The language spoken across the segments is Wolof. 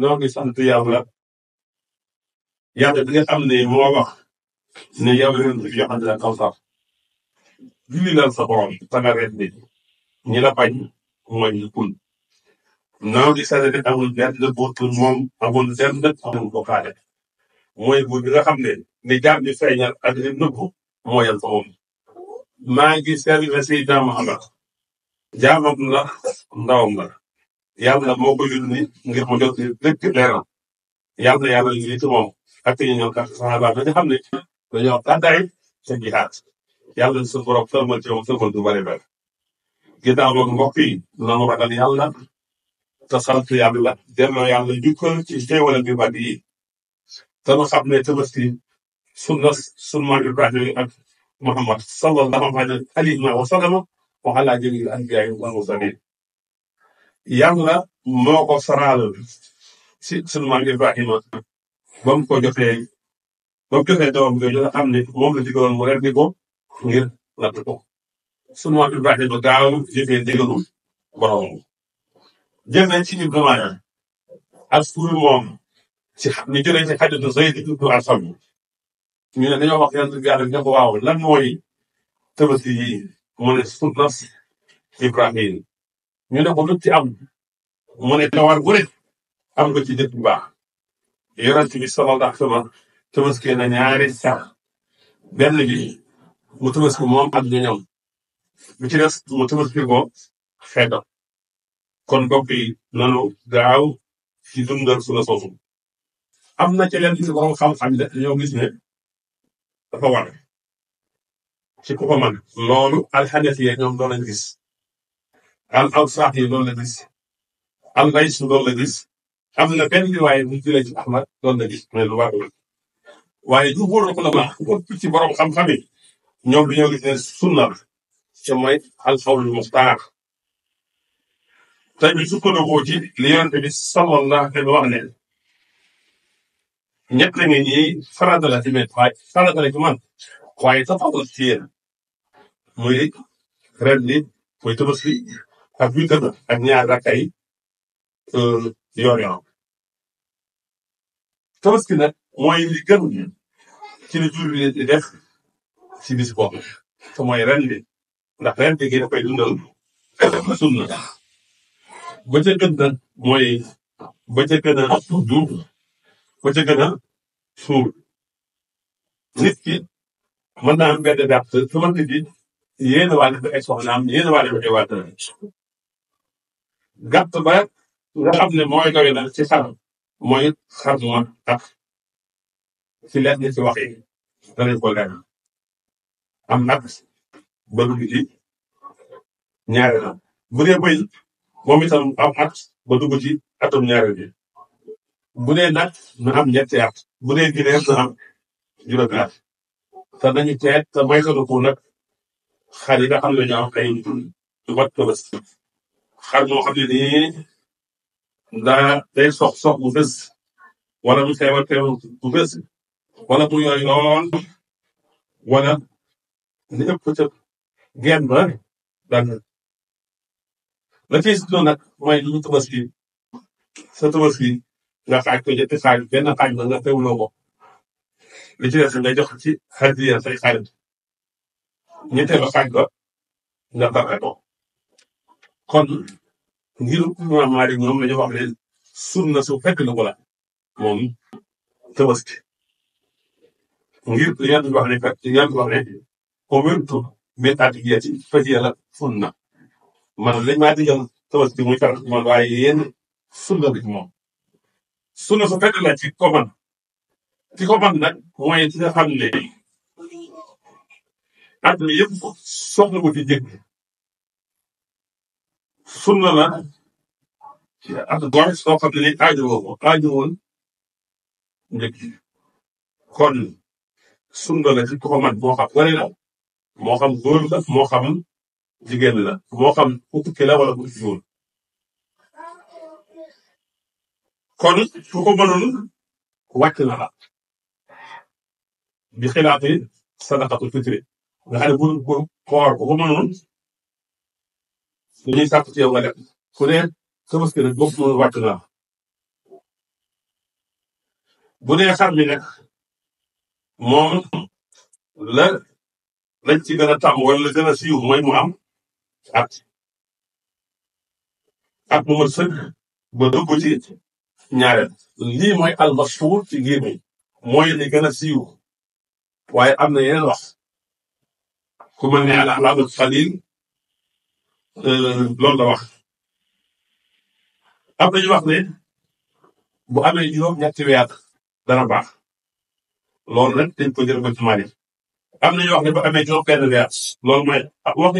noo ngi sant yàlla yàlla bi nga xam ne moo wax ne yow la kaw sax julli lal sa borom sa nga ren bi ñi la bañ mooy ñu kun noo ngi sant ne amul benn buur moom amul benn amul bokkaale mooy buur bi nga xam ne ni jaam bi feeñal ak li nëbbu moo yal borom maa ngi seetlu ne Seydina Muhammad jaamam la ndawam la yàlla moo ko yónni ngir mu jot lépp leeral yàlla na yàlla lii ci moom ak ñu ñëw kat saxaaba dañu xam ne dañoo gàddaay te jihaat yàlla na suñu borom tërmal ci moom tërmal du bëri bëri. ginnaaw loolu mbokk yi noonu ragal yàlla te sant yàlla delloo yàlla jukkal ci xéewal bi bàgg yi te nu Muhammad sallallahu alayhi wa sallam wa ala jamiil al-anbiyaa wal mursaliin yàlla moo ko saral si sunu maam Ibrahima ba mu ko joxee ba mu joxee doom bi nga xam ne moom mu rendi ko ngir natt ko sunu maam Ibrahima gaaw jëfee digalu borom jël nañ ci Ibrahima ak suul moom ci ñu jëlee ci xajatu Zayd ibnu Asam ñu ne dañoo wax yàlla gàllankoor ne ko lan mooy tabaski yi mu ne sunnas ñu ne ko ci am mu ne war guné am nga ci jëf bu baax yonent bi sallallahu alayhi wa na ñaari sar benn bi mu tabaski moom ak ñoom bi ci des mu tabaski kon bopp yi nanu gaaw ci dundal su am na ci leen ci gis ne dafa war ci ku ko mën loolu ñoom doon al awsaax yi loolu la al lays loolu la am na benn riwaay bu ñu Ahmad loolu la gis lu war waaye du wóor la ko la baax ëpp ci borom xam-xam yi ñoom dañoo gis ne sunna la te mooy alxawlu muxtaar te ñu sukkandikoo ci li bi sallallahu alayhi wa sallam wax ne ñett nga farata la ci benn farata la ci man tafawul ci muy ren ni mooy tabaski ak witr ak ñaar rakkay yor-yor euh, tabaski nag mooy li gën ci la def ci bis bopp te mooy ren bi ndax ren bi gi dafay dundal sunna ba ca gën nag mooy ba ca gën a duub ba ca gën a suur nit ki mën naa am benn dàq gàtt ba nga xam ne mooy doy na ci xar mooy xar mu tax ci lenn ci wax yi danañ ko leer am nag bëgg bi ci bu dee bëy moom itam am at ba dugg ci atum bu dee nag na am ñetti at bu dee gineer na am juróomi at te nañu teet te moytandiku nag xam ne ñoo am ay lu mat xar moo xam ne nii daa day sox sox bu wala mu feebar feebar bu wala mu yooy wala li ëpp ca ba daan la ciy si noonu nag mooy li ñu tabaski sa nga xaaj ko ñetti xaaj benn xaaj ba nga teewloo ko li ci des nga jox ci hadiya say xarit ñetteelu xaaj ba nga taxe ko kon ngir Imaam Maalik ñoom dañu wax ne sunna su fekk na ko la moom tabaski ngir li ngeen wax ne fekk li ngeen wax ne umirtu bil adiyyati fahiya man lañ maa digal tabaski muy tar man waaye yéen sunna la ci moom sunna su fekk la ci ko sunna la ci ak gor soo xam ne aajowoo kon sunna la ci ko man moo xam wane la moo ku tukki wala ku tukkiwul kon su ko mënoon bi xilaati sadaqatul fitri nga xam ne bu ko koor bu ko dañuy sàkk ci yow nga dem ku ne tabaski nag bopp wàcc naa bu dee la lañ ci gën a tàmm wala la gën a siiw mooy mu am at at mu mat sëkk ba dugg ci ñaareel lii mooy almashhur mi mooy li gën a siiw waaye am na yeneen wax ku mel ne al Euh, loolu la wax am nañu wax ne bu amee juróom ñetti weer dana baax loolu nag dañ ko jël ko ci Mali am nañu wax ne bu amee juróom benn weer loolu mooy ah, wax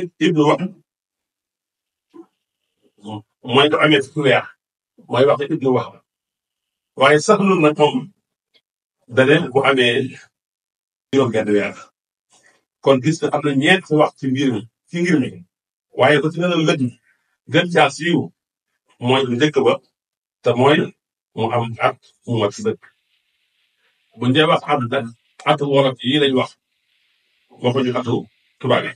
mooy ko amee fukki weer mooy wax waaye sax loolu nag moom dane bu amee juróom benn weer kon gis nga am na ñeent wax ci mbir mi ci ngir mi waaye ku ci gën a lëj gën caa siiw mooy njëkk ba te mooy mu am at mu mat sëkk bu ñu wax at nag atu wolof yi lañ wax waxuñu atu tubaab yi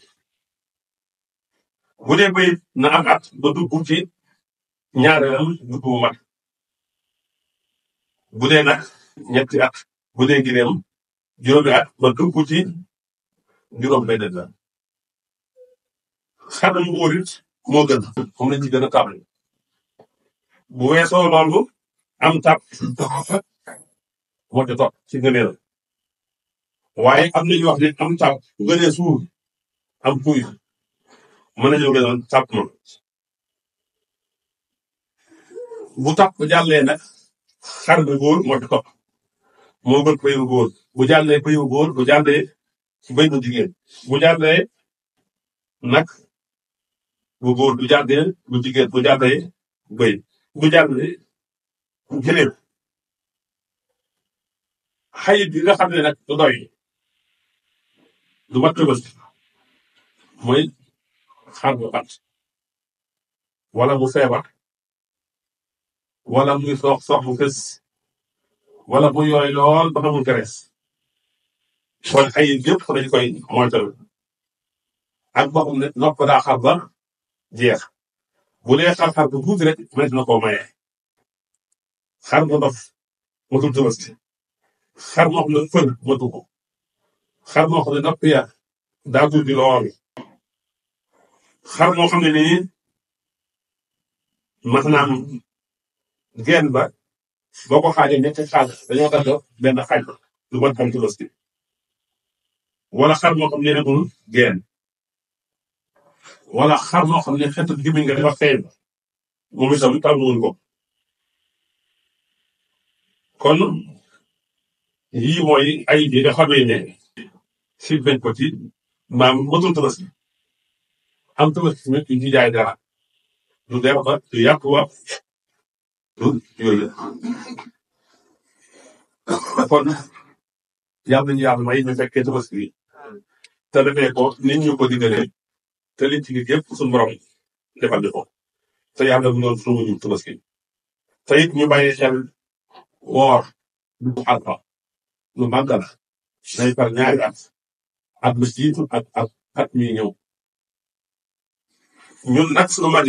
bu dee na am at ba dugg ci ñaareelam dugg bu mat bu dee ñetti at bu dee gineem at ba dugg ci juróom benn xanamu óorit moo gën moom lañ ci bu weesoo loolu am tab moo ci topp ci ngëneel waaye am nañu wax ne am tab gënee suuf mën nañoo gënoon tab bu tab jàllee nag xar na góor moo ci topp moo gën bëyu góor bu jàllee bëyu góor bu jàllee bëyu jigéen bu góor bu jàddee bu jigéen bu jàddee bëy bu jàddee gëléem xayit bi nga xam ne nag du bu bat wala mu feebar wala muy soox soox bu fës wala mu yooy lool ba xamul keres kon xayit yëpp dañ koy moytal ak jeex bu dee xar-xar bu tuuti rek mënees na koo maye. xar nga dof matul tabaski xar moo xam ne fër matu xar moo xam ne napp ya xar moo xam ne nii maanaam genn ba boo ko xaajee ñetti xaaj dañoo dagg benn xaaj ba lu bon xam tabaski wala xar moo xam ne amul genn wala xar moo xam ne xet ak gémmiñ nga kon yii mooy ay bi nga si bañ ko ci maam matul tabaski am tabaski tamit ñu jaay dara du der du yàpp wa kon yàlla nañu yàlla may ñu fekkee tabaski bi te ko nit ñu ko diggalee te li ci nit yëpp suñu borom defal te yàlla bu doon suñu ñu tabaski te it ñu bàyyi xel woor du alfa lu màgg la day far ñaari at at lu jiitu ak ñun nag suñu mag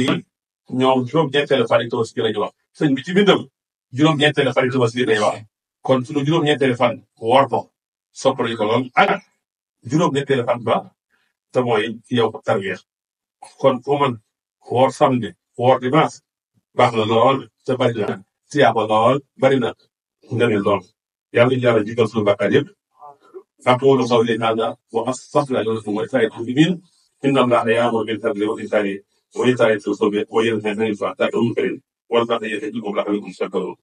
ñoom juróom-ñeenteelu fan tabaski lañu wax sëñ bi ci bindam juróom fan tabaski lañu wax kon suñu juróom-ñeenteelu fan woor ko soppali ko lool ak fan ba te mooy yow tarbiya kon ku mën woor samedi woor dimanche baax na lool te bari na tiyaaba lool bari na nga ne a yàlla ñu yàlla jigal suñu bàkkaar yëpp aquulu qawli haadaa wa astaghfirullaaha li wa lakum wa li-saa'iril muslimiin inna Allaaha ya'muru bil-'adli wal-ihsaani wa iitaa'i dhil-qurba wa yanhaa 'anil fahshaa'i wal munkari wal baghyi ya'izukum la'allakum tadhakkaruun